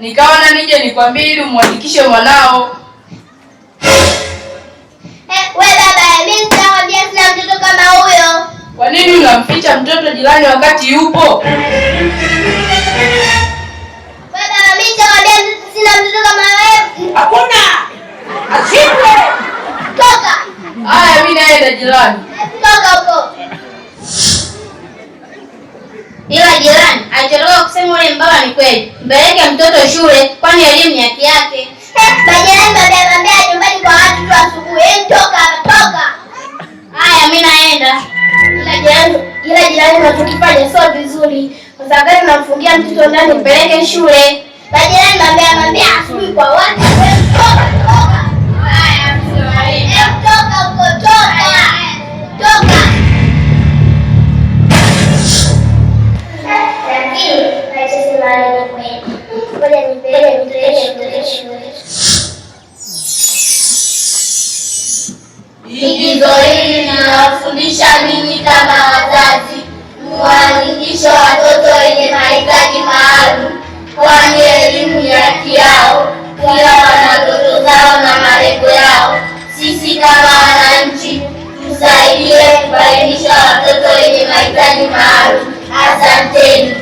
nikaona nije nikwambie ili umwandikishe mwanao. Eh, we baba, mimi sitakwambia sina mtoto kama huyo. Kwa nini unamficha mtoto jirani wakati yupo? Wewe baba, mimi sitakwambia sina mtoto kama wewe. Hakuna. Asipwe. Toka. Haya, mimi naenda jirani. Toka huko. anachotaka kusema ule mbaba ni kweli. Mpeleke mtoto shule, kwani elimu ni haki yake. Majirani babambea nyumbani kwa watu tu asubuhi, toka toka. Haya, mimi naenda, ila jirani, ila jirani natukifanya sio vizuri, kwa sababu namfungia mtoto ndani, mpeleke shule. Majirani babambea Ngoja nipele Igizo hili linawafundisha ninyi kama wazazi muwaandikishe watoto wenye mahitaji maalum, kwani elimu ni haki yao, kila wana ndoto zao na malengo yao. Sisi kama wananchi tusaidie kubainisha watoto wenye mahitaji maalum. Asanteni.